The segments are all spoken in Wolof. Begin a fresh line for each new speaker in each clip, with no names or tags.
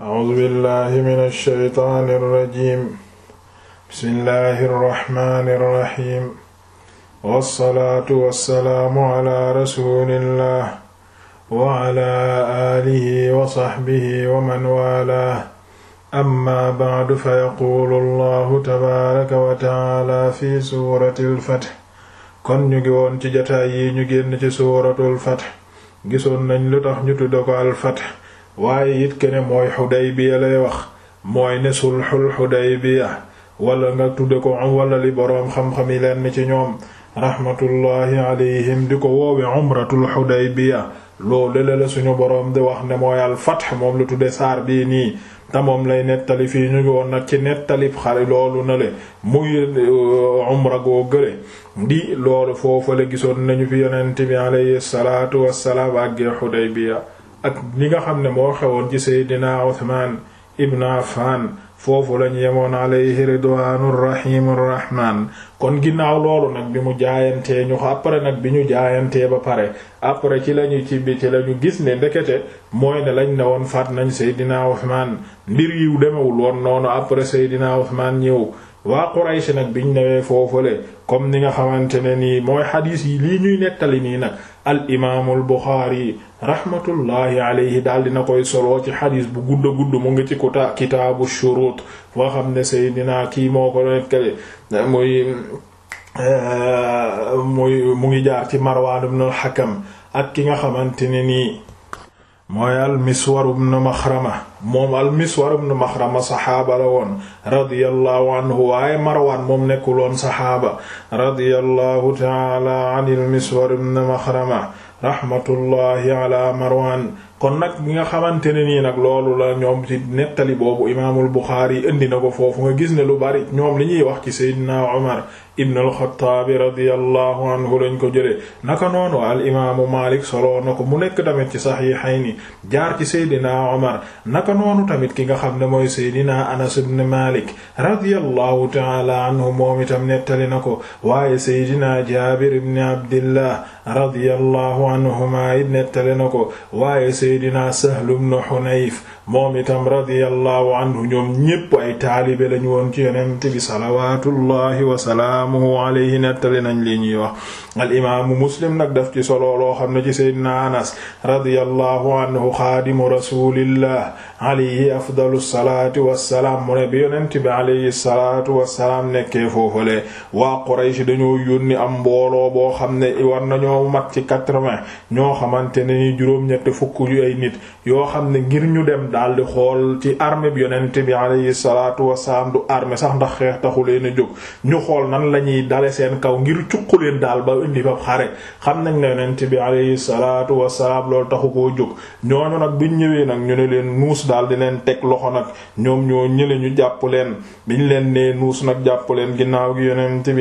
أعوذ بالله من الشيطان الرجيم بسم الله الرحمن الرحيم والصلاة والسلام على رسول الله وعلى آله وصحبه ومن والاه أما بعد فيقول الله تبارك وتعالى في سورة الفتح kon ñu ngi woon ci jataay yi ñu génn ci suuratul Fath gisoon nañ lu tax ñu tudde ko al Fath waaye it kene mooy Xudaybiya lay wax mooy ne sulxul Xudaybiya wala nga tudde ko wala li boroom xam-xam yi leen ci ñoom rahmatullahi alayhim di ko woowe umratul Xudaybiya loolu la la suñu boroom di wax ne mooy al fath moom lu tudde saar bii nii te moom lay nettali fii ñu ngi woon nag ci nettalib xare loolu na le muy uh, umra goo gële di loolu foofu la gisoon nañu fi yonent bi alayhi salaatu wassalaam àggee Xudaybiya ak li nga xam ne moo xewoon ci seydina Usmaan ibn Affan foofu lañu yemoon alayhi ridwaanur rahiimur rahmaan kon ginnaaw loolu nag bi mu jaayantee ñu après nag bi ñu jaayantee ba pare après ci lañu ci bi ci lañu gis ne ndekete mooy ne lañu ne woon faat nañ seydina Usmaan mbir yiw demewul woon noonu après seydina Usmaan ñëw waa Quraysh nag biñ newee foofale comme ni nga xamante ne nii mooy xadiis yi lii ñuy nettali nii nag al imaamul Buxaari rahmatullahi alayhi daal dina koy soloo ci xadiis bu gudd gudd mu ngi ci kuta kitaabu shuruut foo xam ne Seydina kii moo ko nekkale muy eh, muy mu ngi jaar ci Marwaan ibn al-Hakam ak ki nga xamante ne nii mooy almiswar ibn maxrama moom almiswar ibn maxrama saxaaba la woon radiyallahu anhu waaye marwaan moom nekkuloon saxaaba radiyallahu taala an almiswar ibn maxrama raxmatullahi ala marwaan kon nag bi nga xamante ne nii nag loolu la ñoom ci nettali boobu imaamul Buxaari indi na ko foofu nga gis ne lu bari ñoom li ñuy wax ci Seydina Omar ibn al-Khattab radiyallahu anhu lañ ko jëlee naka noonu al imaamu Malik solo na ko mu nekk tamit ci Sahihayni jaar ci Seydina Omar naka noonu tamit ki nga xam ne mooy Seydina Anas ibn Malik radiyallahu ta'ala anhu moom itam nettali na ko waaye Seydina Jaabir ibn Abdillah radiyallahu anhuma it nettale na ko waaye seydina Sahlu bnu Hunayf moom itam radiyallahu anhu ñoom ñépp ay taalibe lañu woon ci yonent bi salawaatullahi wa salaamuhu alayhi nettale nañ li ñuy wax al imaamu Muslim nag daf ci solo loo xam ne ci seydina Anas radiyallahu anhu xaadimu rasulillah alayhi afdalu salaati wassalaam mu ne bi yonent bi alayhi salaatu wassalaam nekkee foofale waa Quraysh dañoo yónni am mbooloo boo xam ne war nañu ñoo mat ci quatre-vingts ñoo xamante ne juróom-ñetti fukk yu ay nit yoo xam ne ngir ñu dem daal di xool ci armée bi yonent bi alayhi salaatu wasalaam du armée sax ndax xeex taxu leen a jóg ñu xool nan la ñuy dale seen kaw ngir cuq leen daal ba indi ba xare xam nañ ne yonent bi alayhi salaatu wasalaam loolu taxu koo jóg ñooñu nag biñ ñëwee nag ñu ne leen nuus daal di leen teg loxo nag ñoom ñoo ñële ñu jàpp leen biñ leen nee nuus nag jàpp leen ginnaaw gi yonent bi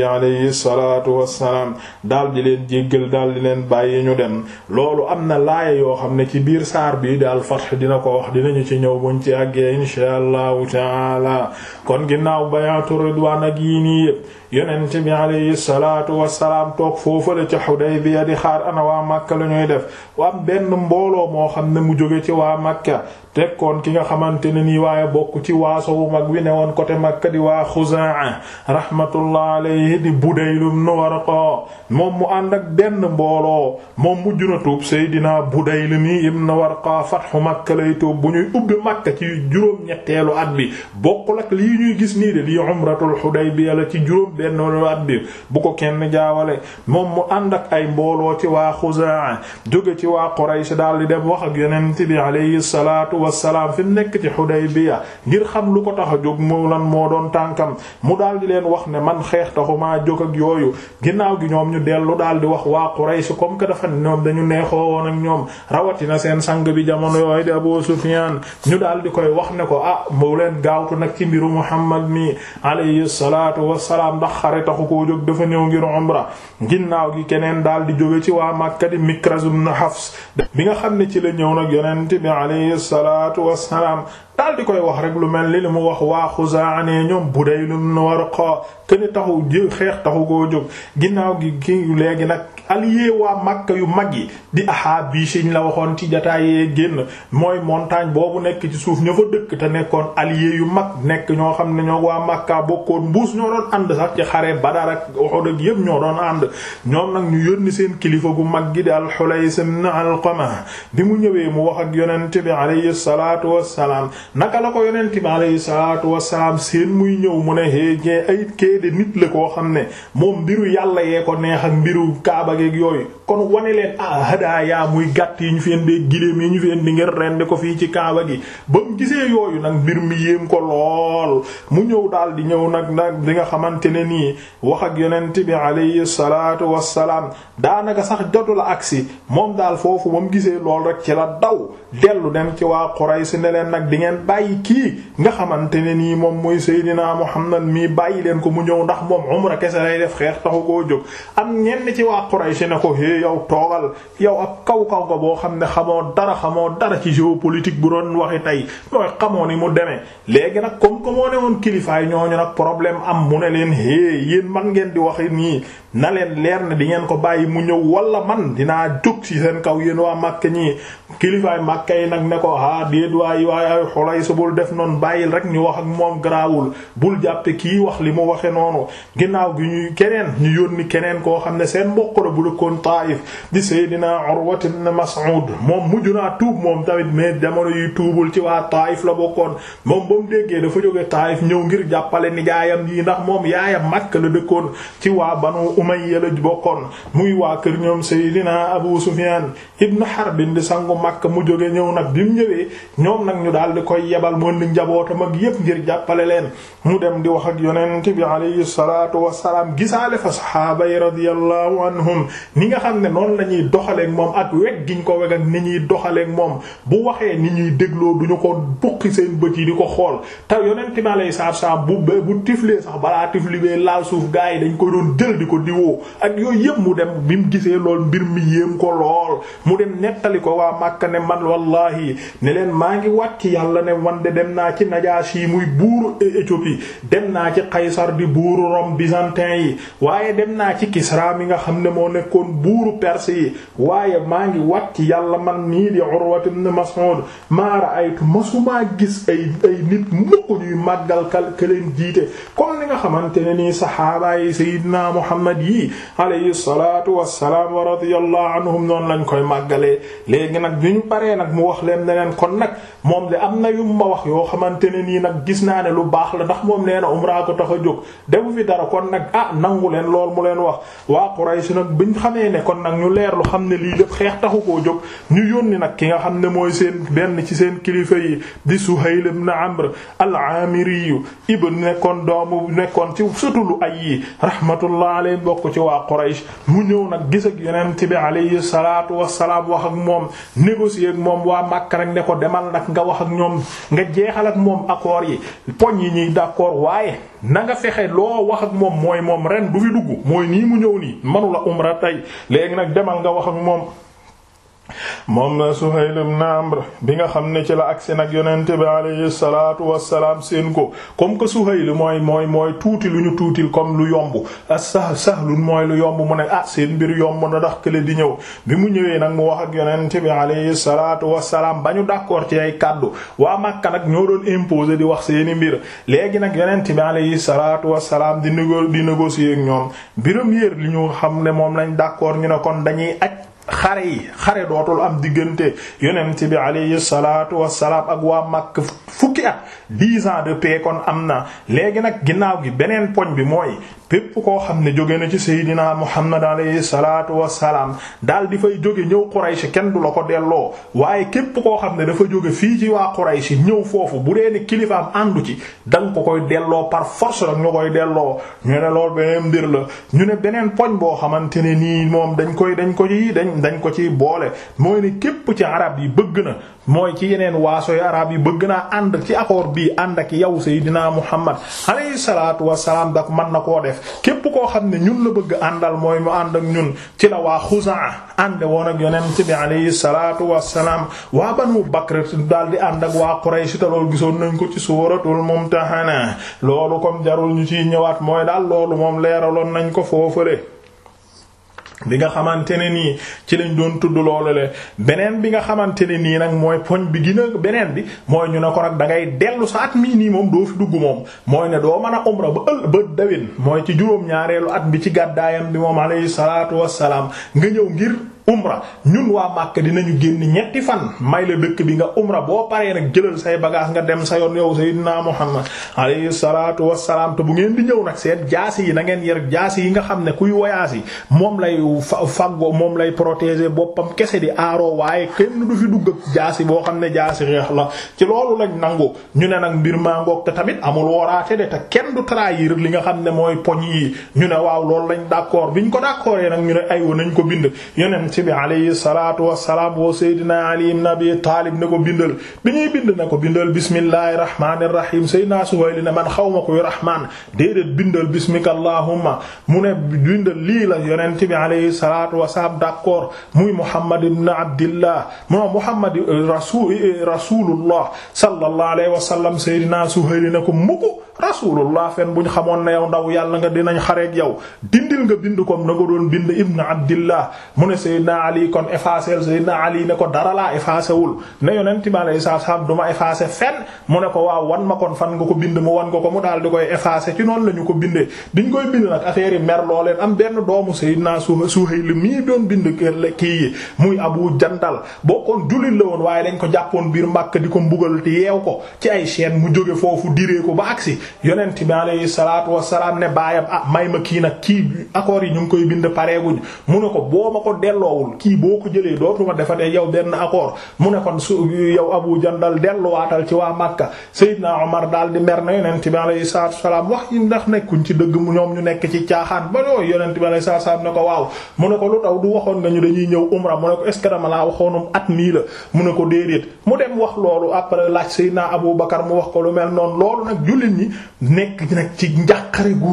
daal di leen bàyyi ñu dem loolu am na laaya yoo xam ne ci biir saar bii daal alfath dina ko wax dinañu ci ñëw buñ ci àggee insha allahu taala kon ginnaaw bayaatu ridwaan ak yii nii yëpp yonent bi alayhi salaatu wassalaam toog foofale ca Xudaybiya di xaar ana waa Makka la ñuy def am benn mbooloo moo xam ne mu jóge ci waa Makka tekkoon ki nga xamante ne nii waaye bokk ci waasowu mag wi ne woon côté Makka di waa Xuzaa rahmatullah alayhi di Budayl ibn Warqa moom mu ànd ak benn mbooloo moom mujj na tuub Seydina Budayl mi ibn Warqa fathu Makka lay tuub bu ñuy ubbi Makka ci juróom-ñetteelu at bi bokkul ak lii ñuy gis nii de lii umratul Hudaybiya la ci juróom-benneelu at bu ko kenn jaawale moom mu ànd ak ay mbooloo ci waa Xuzaa jóge ci waa Quraysh daal di dem wax ak Yonent bi alayhi wassalaam fi mu nekk ci Xudaybiya ngir xam lu ko tax a jóg moo lan moo doon tànkam mu daal di leen wax ne man xeex taxumaa jóg ak yooyu ginnaaw gi ñoom ñu dellu daal di wax waa Quraysh comme que dafa ñoom dañu neexoo woon ak ñoom rawatina seen sang bi jamono yooyu di Abu Sufyaan ñu daal di koy wax ne ko ah mu leen gaawtu nag ci mbiru Muhammad mi alayhi salaatu wassalaam ndax xare taxu koo jóg dafa ñëw ngir umra ginnaaw gi keneen daal di jóge ci waa Makka di bi nga xam ne ci la ñëw nag yonent salaatu wassalaam daal di koy wax rek lu mel ni li mu wax waa Xuzaa ne ñoom Budayl ibn Warqa kenn taxu jë xeex taxu koo jóg ginnaaw gi kii léegi nag allié waa Makka yu mag yi di Ahaabiis ñu la waxoon ci jataayee génn mooy montagne boobu nekk ci suuf ña fa dëkk te nekkoon allié yu mag nekk ñoo xam ne ñoo waa Makka bokkoon mbuus ñoo doon ànd sax ci xare Badar ak Uhud yëpp ñoo doon ànd ñoom nag ñu yónni seen kilifa gu mag gi di al-Hulays ibn Alqama bi mu ñëwee mu wax ak yonent bi alayhi salaatu wassalaam naka la ko yonent bi alayhi salaatu wasalaam seen muy ñëw mu ne hee ñee ay kéede nit la koo xam ne moom mbiru yàlla yee ko neex ak mbiru kaaba geeg yooyu kon wane leen ah muy gàtt yi ñu fi indi yi ñu fi indi ngir rendi ko fii ci kaaba gi ba gisee yooyu nag mbir mi yéem ko lool ñëw daal di ñëw nag nag di nga xamante ne nii wax ak yonent bi alayhi salaatu wasalaam daanaka sax jotu la agsi moom daal foofu ba mu gisee lool rek ci la daw dellu dem ci waa Quraysh ne leen nag di ngeen bàyyi kii nga xamante ne nii moom mooy xam Muhammad mii bàyyi leen ko mu ñëw ndax moom umra kese lay def xeex taxu koo jóg am ñenn ci waa Quraysh ne ko hé yow toogal yow ab kaw kaw ko boo xam ne xamoo dara xamoo dara ci géopolitique bu doon waxi tey mooy xamoo ni mu demee léegi nag comme que moo ne woon kilifaay ñooñu nag problème am mu ne leen hé yéen man ngeen di waxi nii na leen leer na di ngeen ko bàyyi mu ñëw wala man dinaa jóg ci seen kaw yéen waa Makka ñii kilifaay Makka yi nag ne ko ah déet waay waay ay xolay sa def noonu bàyyil rek ñu wax ak moom garaawul bul jàppe kii wax li mu waxe noonu ginnaaw gi ñuy keneen ñu yónni keneen koo xam ne seen mbokk la bu lëkkoon Taayif di Seydina Urwa ibn Mas'ud moom mujj naa tuub moom tamit mais jamono yuy tuubul ci waa Taayif la bokkoon moom ba mu déggee dafa jóge Taayif ñëw ngir jàppale nijaayam yi ndax moom yaayam Makka la dëkkoon ci waa Umayya la bokkoon muy waa kër ñoom Seydina Abu Sufyan ibn Harb di sangu Makka mu jóge ñëw nag bi mu ñëwee ñoom nag ñu daal di koy yebal moon di njabootam ak yépp ngir jàppale leen mu dem di wax ak yonent bi alayhi salaatu wassalaam gisaale fa sahaaba yi radiyallahu anhum ni nga xam ne noonu la ñuy moom ak weg giñ ko weg ni ñuy doxaleek moom bu waxee ni ñuy dégloo duñu ko buqi seen bët yi di ko xool te yonent bi alayhi salaatu wassalaam bu bu tiflee sax balaa tifli bee laal suuf gaa yi dañ ko doon jël di ko diwoo ak yooyu yëpp mu dem bi mu gisee lool mbir mi yéem ko lool mu dem nettali ko waa Makka ne man wallahi ne leen maa ngi wàcc yàlla ne wan de dem naa ci Najaasi muy buuru Éthiopie dem naa ci Qaysar di buuru Rome byzantin yi waaye dem naa ci Kisra mi nga xam ne moo nekkoon buuru Perse yi waaye maa ngi wàcc yàlla man nii di Urwat ibn Mas'ud maa ra'aytu masumaa gis ay nit mukk ñuy màggal kal ke leen jiite comme ni nga xamante ne nii saxaaba yi Sayyidina yonent yi alayhi salaatu wassalaam wa radiyallahu anhum noonu lañ koy màggalee léegi nag bi ñu paree nag mu wax leen leneen kon nag moom de am na yu ma wax yoo xamante ne nii nag gis naa ne lu baax la ndax moom nee na umra ko tax a jóg defu fi dara kon nag a ah, nangu leen lool mu leen wax waa Quraysh nag biñ xamee ne kon nag ñu leer lu xam ne lii lépp xeex taxu koo jóg ñu yónni nag ki nga xam ne mooy seen benn ci seen kilifa yi di Suhayl ibn Amr al-Amiri ibn nekkoon doomu nekkoon ci sutulu ay yi bokk ci waa Quraysh mu ñëw nag gis ak yonent bi alayhi salaatu wassalaam wax ak moom négocier ak moom waa Makka nag ne ko demal nag nga wax ak ñoom nga jeexal ak moom akoor yi poñ yi ñuy d'accord waaye na nga fexe loo wax ak moom mooy moom ren du fi dugg mooy nii mu ñëw nii manula umra tey léegi nag demal nga wax ak moom moom la Suhayl ibn bi nga xam ne ci la agsi nag yonente bi alayhi salaatu salaam seen ko comme que Suhayl mooy mooy mooy tuuti lu ñu tuutil comme lu yomb asah sahlun mooy lu yomb mu ne ah seen mbir yomb na ndax kële di ñëw bi mu ñëwee nag mu wax ak yonente bi alayhi salaatu wassalaam ba ñu d'accord ci ay kàddu waa Makka nag ñoo doon imposer di wax seeni mbir léegi nag yonente bi alayhi salaatu wa wassalaam di négo di négocier ak ñoom biram yéer li ñu xam ne moom lañ d'accord ñu ne kon dañuy aj xare yi xare dootul am diggante yonent bi alayhi salaatu wassalaam ak waa Makk fukki at dix ans de paix kon am na léegi nag ginnaaw gi beneen poñ bi mooy pépp koo xam ne jóge na ci seydinaa muhammad alayhi salaatu salaam daal di fay jóge ñëw Quraysh kenn du la ko delloo waaye képp koo xam ne dafa jóge fii ci waa Quraysh ñëw foofu bu dee ni kilifaam àndu ci danga ko koy delloo par force rek ñu koy delloo ñu ne lool beneen mbir la ñu ne beneen poñ boo xamante ne nii moom dañ koy dañ ko ci dañ dañ ko ci boole mooy ne képp ci arab yi bëgg na mooy ci yeneen waaso yu arab yi bëgg naa ànd ci accord bii ànd ak yow Seydina Muhammad alayhi salaatu wassalaam dak mën na koo def képp koo xam ne ñun la bëgg àndal mooy mu ànd ak ñun ci la waa Xuzaa ànd woon ak yonent bi alayhi salaatu wassalaam waa Banu Bakr daal di ànd ak waa Quraysh te loolu gisoon nañ ko ci suuratul Mumtahana loolu comme jarul ñu ciy ñëwaat mooy daal loolu moom leeraloon nañ ko foofale bi nga xamante ne nii ci lañ doon tudd loolu le beneen bi nga xamante ne nii nag mooy poñ bi gina beneen bi mooy ñu ne ko nag da ngay dellu sa at mii nii moom doo fi dugg moom mooy ne doo mën a umra ba ël ba dawin mooy ci juróom-ñaareelu at bi ci gàddaayam bi moom alayhi salaatu wassalaam nga ñëw ngir umra ñun waa Màkka dinañu génn ñetti fan may la dëkk bi nga umra boo paree nag jëlal say bagage nga dem sa yoon yow sayyidina Muhammad alayhi salaatu wassalaam te bu ngeen di ñëw nag seen jaasi yi na ngeen yer jaasi yi nga xam ne kuy voyage yi moom lay faggo moom lay protéger boppam kese di aaro waaye kenn du fi dugg ak jaasi boo xam ne jaasi xeex la ci loolu lañ nangu ñu ne nag mbir maa ngoog te tamit amul waraate de te kenn du trahir li nga xam ne mooy poñ yi ñu ne waaw loolu lañ d'accord biñ ko d'accordé nag ñu ne aywa nañ ko bind yeneen yonent bi alayhi salaatu wassalaam woo Seydina Ali ibn Abi Taalib ne bi ñuy bind ne ko bindal bismillahi rahmaani rahiim Seydina Suhayl ne man xaw ma koy rahmaan déedéet bindal bismika allahumma mu ne bindal lii la yonent bi alayhi salaatu wassalaam d'accord muy Muhammad ibn Abdillah moo Muhammad eh, rasul eh, eh, rasulullah sallallahu alayhi wasallam Seydina Suhayl ne ko mukk rasulullah fen buñ xamoon na yow ndaw yàlla nga dinañ xareek yow dindil nga bind ko na ko doon bind ibn Abdillah mu ne Seydina Ali kon effacé Seydina Ali ne ko dara laa effacé wul ne yonent bi alayhi salaam ma effacé fenn mu ne ko waaw wan ma kon fan nga ko bind mu wan ko ko mu daal di koy effacé ci noonu la ñu ko bindee diñ koy bind nag affaire yi mer loo leen am benn doomu Seydina Suhayl mii doon bind kii yi muy Abu Jandal bokkoon jullit la woon waaye dañ ko jàppoon biir Makka di ko mbugal te yeew ko ci ay chaîne mu jóge foofu diree ko ba agsi yonent bi alayhi salaatu wassalaam ne baayam ah may ma kii nag kii accords yi ñu ngi koy bind pareeguñ mu ne ko boo ma ko delloo delloowul kii boo ko jëlee dootuma defatee yaw benn accord mu ne kon su yow Abu Jandal delluwaatal ci waa Makka Seydina Omar daal di mer na yonent bi alayhi salaatu wasalaam wax yi ndax nekkuñ ci dëgg mu ñoom ñu nekk ci caaxaat ba yooyu yonent bi alayhi salaatu wasalaam ne ko waaw mu ne ko lu taw du waxoon nga ñu dañuy ñëw umra mu ne ko est-ce que laa waxoonum at mii la mu ne ko déedéet mu dem wax loolu après laaj Seydina Abu Bakar mu wax ko lu mel noonu loolu nag jullit ñi nekk nag ci njàqare gu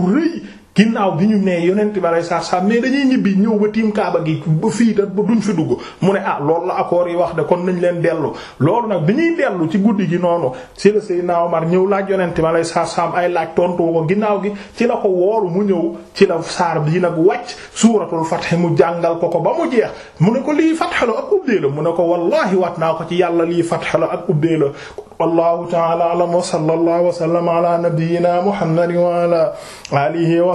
ginnaaw bi ñu nee yonent bi alayhi salaam mais dañuy ñibbi ñëw ba tiim kaaba gi fii da duñ fi dugg mu ne ah loolu la accords yi wax de kon nañ leen dellu loolu nag bi ñuy dellu ci guddi gi noonu ci la Seydina Omar ñëw laaj yonent bi alayhi salaam ay laaj tontu ko ginnaaw gi ci la ko wooru mu ñëw ci la saar bii nag wàcc suuratul Fath mu jàngal ko ko ba mu jeex mu ne ko lii Fath la ak ubbee la mu ne ko wallahi wat naa ko ci yàlla lii Fath la ak ubbee la wallahu ta'ala a'lam wa sallallahu wa sallama ala nabiyyina Muhammadin wa ala alihi wa